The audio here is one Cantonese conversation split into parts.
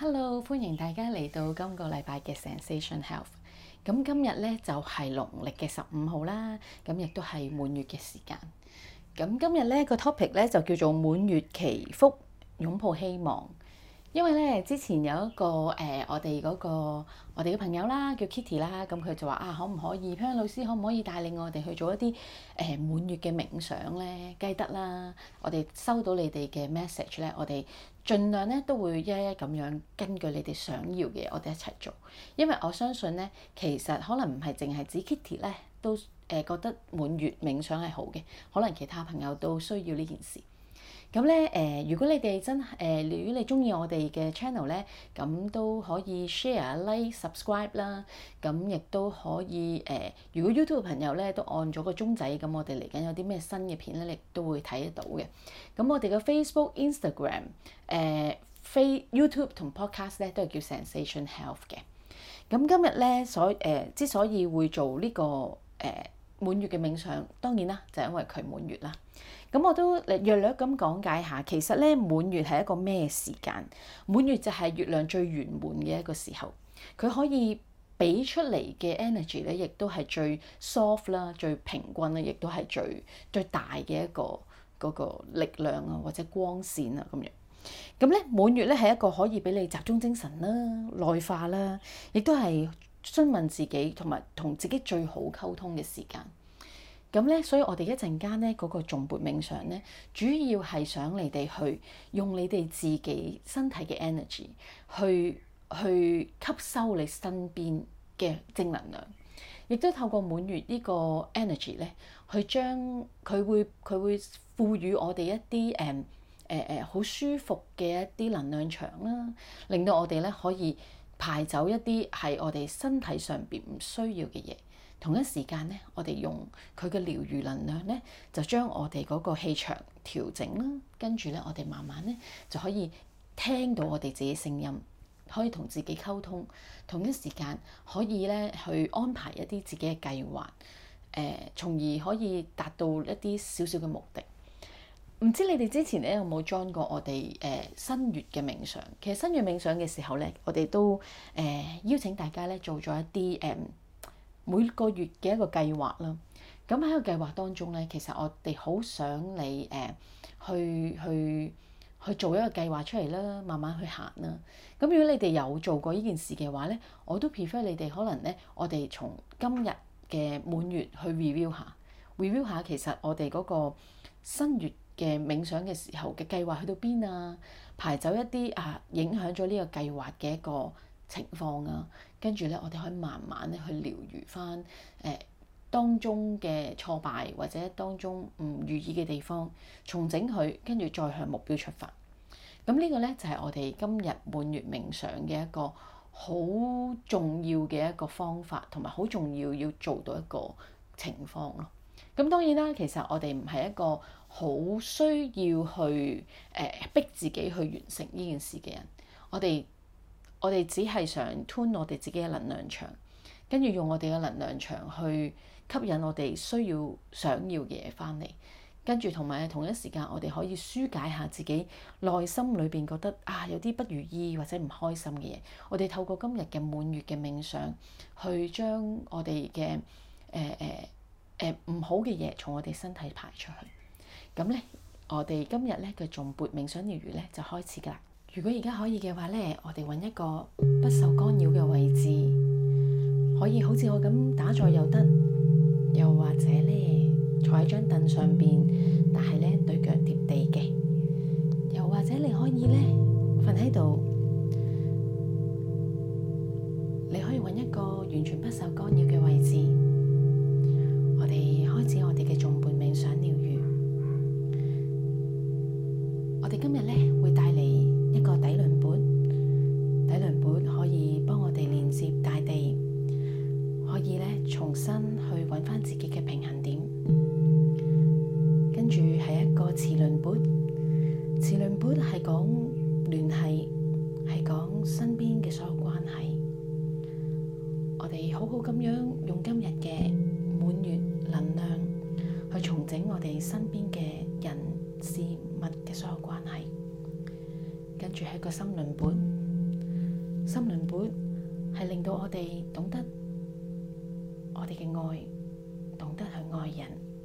Hello，歡迎大家嚟到今個禮拜嘅 Zensation Health。咁今日咧就係、是、農曆嘅十五號啦，咁亦都係滿月嘅時間。咁今日咧、這個 topic 咧就叫做滿月祈福，擁抱希望。因為咧之前有一個誒、呃，我哋嗰、那個我哋嘅朋友啦，叫 Kitty 啦，咁佢就話啊，可唔可以 PAN PAN 老師可唔可以帶領我哋去做一啲誒滿月嘅冥想咧？梗係得啦，我哋收到你哋嘅 message 咧，我哋。盡量咧都會一一咁樣根據你哋想要嘅，我哋一齊做。因為我相信咧，其實可能唔係淨係指 Kitty 咧，都誒覺得滿月冥想係好嘅，可能其他朋友都需要呢件事。咁咧誒，如果你哋真係誒、呃，如果你中意我哋嘅 channel 咧，咁都可以 share、like、subscribe 啦。咁亦都可以誒、呃，如果 YouTube 朋友咧都按咗個鐘仔，咁我哋嚟緊有啲咩新嘅片咧，你都會睇得到嘅。咁我哋嘅 Facebook、Instagram、呃、誒非 YouTube 同 Podcast 咧，都係叫 Zensation Health 嘅。咁今日咧所誒、呃、之所以會做呢、這個誒、呃、滿月嘅冥想，當然啦，就係因為佢滿月啦。咁我都略略咁講解下，其實咧滿月係一個咩時間？滿月就係月亮最圓滿嘅一個時候，佢可以俾出嚟嘅 energy 咧，亦都係最 soft 啦、最平均啦，亦都係最最大嘅一個嗰個力量啊，或者光線啊咁樣。咁咧滿月咧係一個可以俾你集中精神啦、內化啦，亦都係詢問自己同埋同自己最好溝通嘅時間。咁咧，所以我哋一陣間咧，嗰、那個頌缽冥想咧，主要係想你哋去用你哋自己身體嘅 energy 去去吸收你身邊嘅正能量，亦都透過滿月呢個 energy 咧，去將佢會佢會賦予我哋一啲誒誒誒好舒服嘅一啲能量場啦，令到我哋咧可以排走一啲係我哋身體上邊唔需要嘅嘢。同一時間咧，我哋用佢嘅療癒能量咧，就將我哋嗰個氣場調整啦。跟住咧，我哋慢慢咧就可以聽到我哋自己聲音，可以同自己溝通。同一時間可以咧去安排一啲自己嘅計劃，誒、呃，從而可以達到一啲小小嘅目的。唔知你哋之前咧有冇 join 過我哋誒、呃、新月嘅冥想？其實新月冥想嘅時候咧，我哋都誒、呃、邀請大家咧做咗一啲誒。呃每個月嘅一個計劃啦，咁喺個計劃當中咧，其實我哋好想你誒、呃，去去去做一個計劃出嚟啦，慢慢去行啦。咁如果你哋有做過呢件事嘅話咧，我都 prefer 你哋可能咧，我哋從今日嘅滿月去 review 下，review 下其實我哋嗰個新月嘅冥想嘅時候嘅計劃去到邊啊，排走一啲啊影響咗呢個計劃嘅一個情況啊。跟住咧，我哋可以慢慢咧去療愈翻誒當中嘅挫敗或者當中唔如意嘅地方，重整佢，跟住再向目標出發。咁、嗯這個、呢個咧就係、是、我哋今日滿月冥想嘅一個好重要嘅一個方法，同埋好重要要做到一個情況咯。咁、嗯、當然啦，其實我哋唔係一個好需要去誒、呃、逼自己去完成呢件事嘅人，我哋。我哋只係想吞我哋自己嘅能量場，跟住用我哋嘅能量場去吸引我哋需要、想要嘅嘢翻嚟，跟住同埋同一時間，我哋可以舒解下自己內心裏邊覺得啊有啲不如意或者唔開心嘅嘢。我哋透過今日嘅滿月嘅冥想去將我哋嘅誒誒唔好嘅嘢從我哋身體排出去。咁呢，我哋今日呢個頌缽冥想療癒呢就開始㗎啦。如果而家可以嘅話咧，我哋揾一個不受干擾嘅位置，可以好似我咁打坐又得，又或者咧坐喺張凳上邊，但係咧對腳貼地嘅，又或者你可以咧瞓喺度，你可以揾一個完全不受干擾嘅位置，我哋開始我哋嘅頌缽冥想。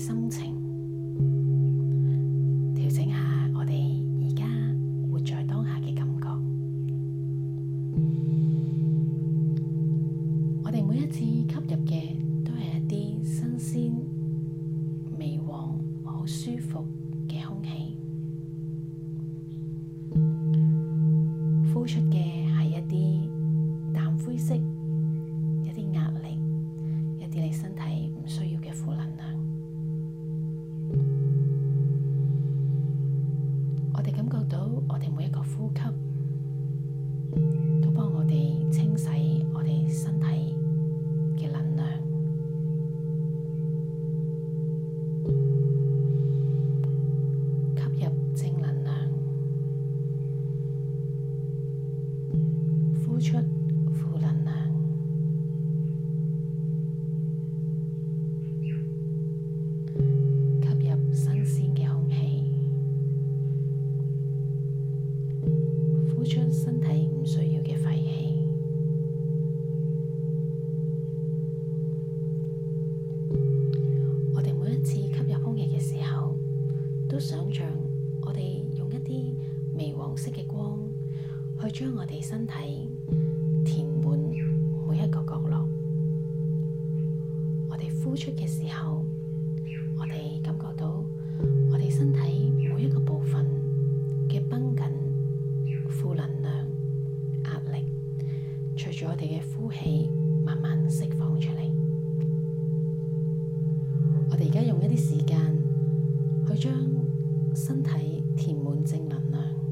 心情。呼出嘅時候，我哋感覺到我哋身體每一個部分嘅繃緊、負能量、壓力，隨住我哋嘅呼氣慢慢釋放出嚟。我哋而家用一啲時間去將身體填滿正能量。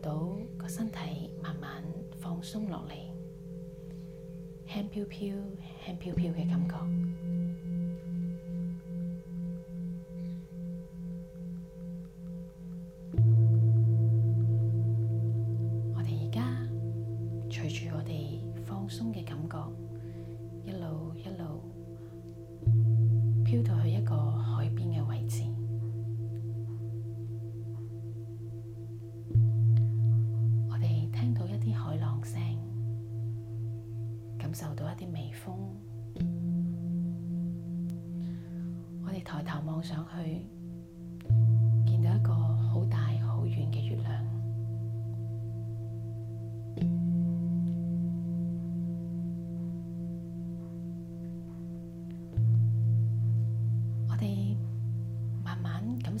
到個身體慢慢放鬆落嚟，輕飄飄，輕飄飄嘅感覺。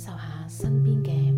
感受下身邊嘅。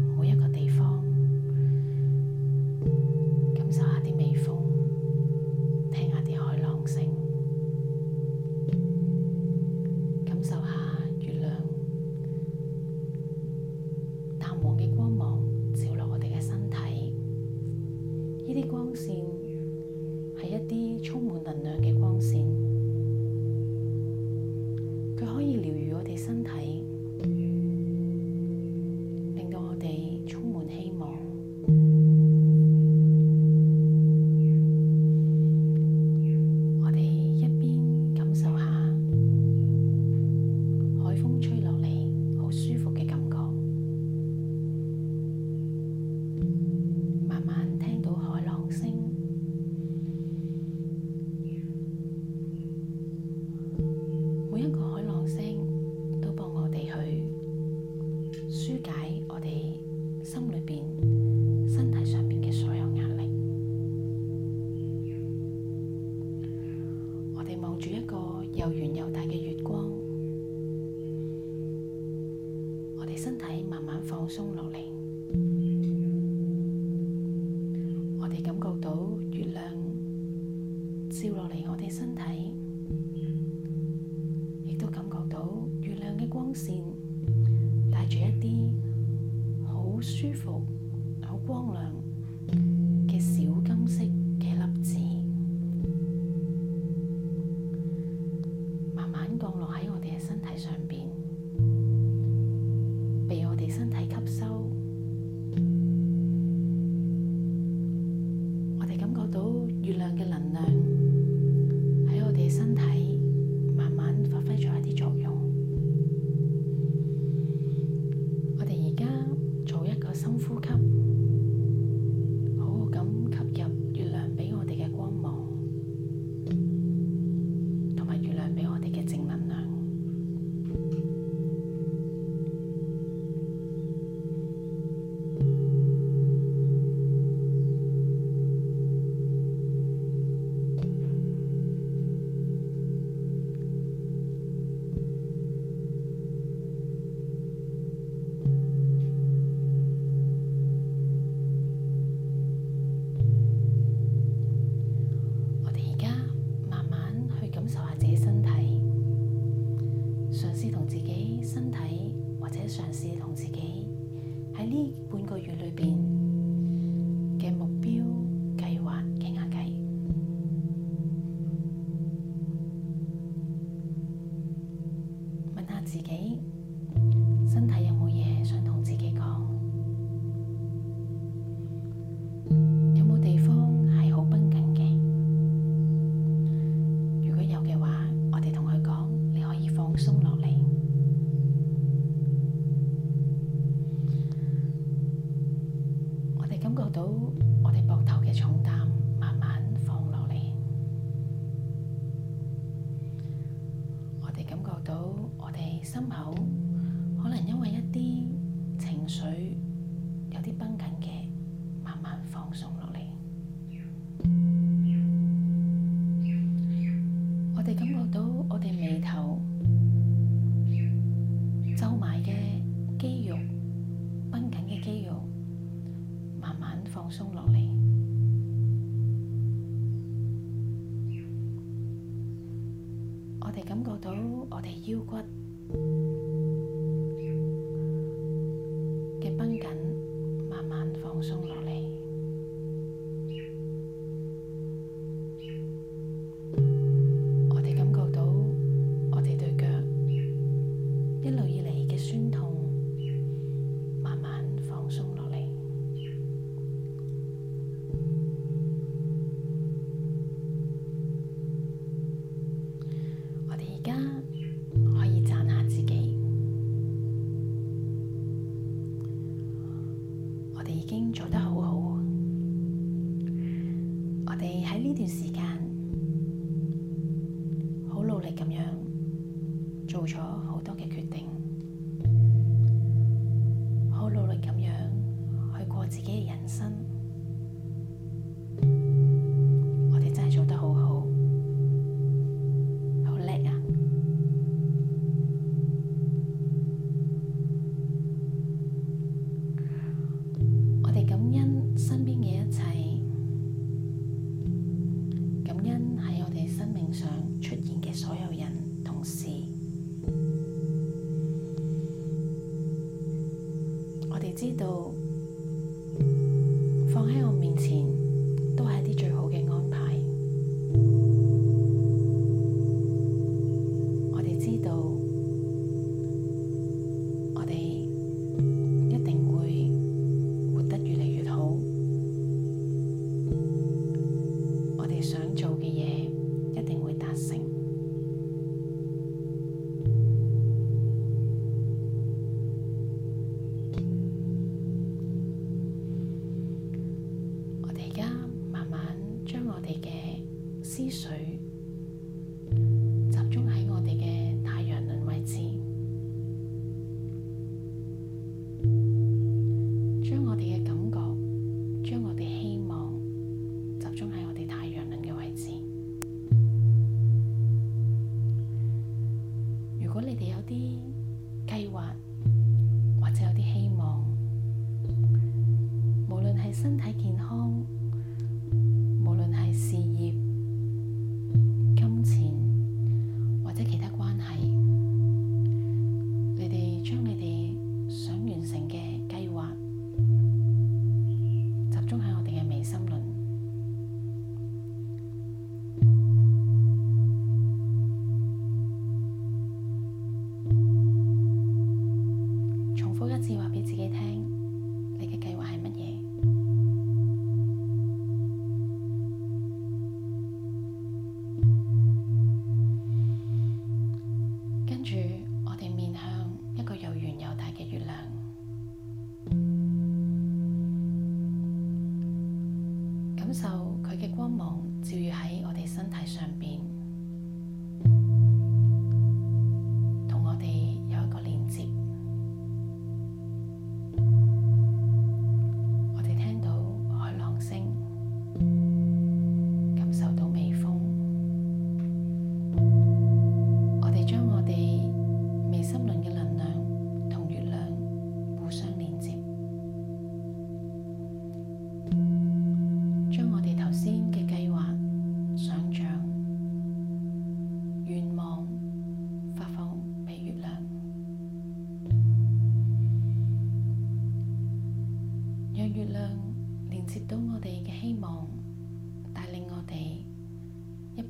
慢慢放鬆落嚟，我哋感覺到月亮照落嚟我哋身體，亦都感覺到月亮嘅光線帶住一啲好舒服、好光亮嘅小金色。自己同自己喺呢半個月裏邊。心口可能因為一啲情緒有啲繃緊嘅，慢慢放鬆落嚟。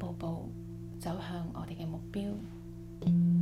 步步走向我哋嘅目標。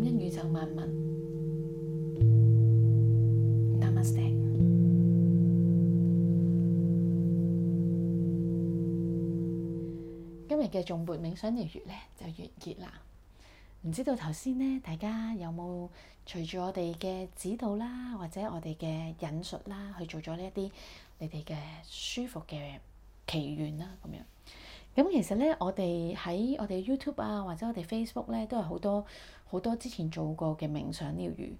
感恩宇宙萬物，今日嘅重菩冥想月月咧就完結啦。唔知道頭先咧，大家有冇隨住我哋嘅指導啦，或者我哋嘅引述啦，去做咗呢一啲你哋嘅舒服嘅奇緣啦，咁樣？咁其實咧，我哋喺我哋 YouTube 啊，或者我哋 Facebook 咧，都係好多好多之前做過嘅冥想療癒。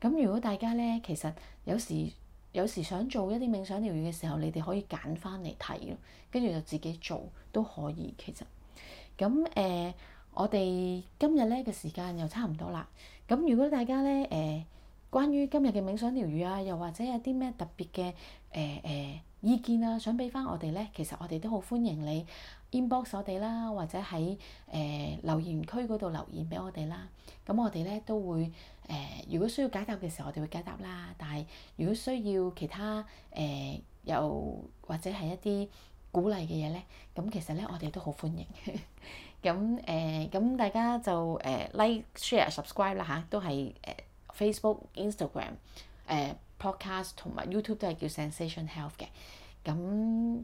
咁如果大家咧，其實有時有時想做一啲冥想療癒嘅時候，你哋可以揀翻嚟睇咯，跟住就自己做都可以。其實咁誒、呃，我哋今日咧嘅時間又差唔多啦。咁如果大家咧誒、呃，關於今日嘅冥想療癒啊，又或者有啲咩特別嘅誒誒意見啊，想俾翻我哋咧，其實我哋都好歡迎你。inbox 我哋啦，或者喺誒、呃、留言區嗰度留言俾我哋啦。咁我哋咧都會誒、呃，如果需要解答嘅時候，我哋會解答啦。但係如果需要其他誒，又、呃、或者係一啲鼓勵嘅嘢咧，咁其實咧我哋都好歡迎。咁 誒，咁、呃、大家就誒、呃、like、share、subscribe 啦嚇，都係誒、呃、Facebook Instagram、呃、Instagram、誒 Podcast 同埋 YouTube 都係叫 Zensation Health 嘅。咁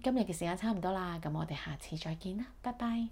今日嘅時間差唔多啦，咁我哋下次再見啦，拜拜。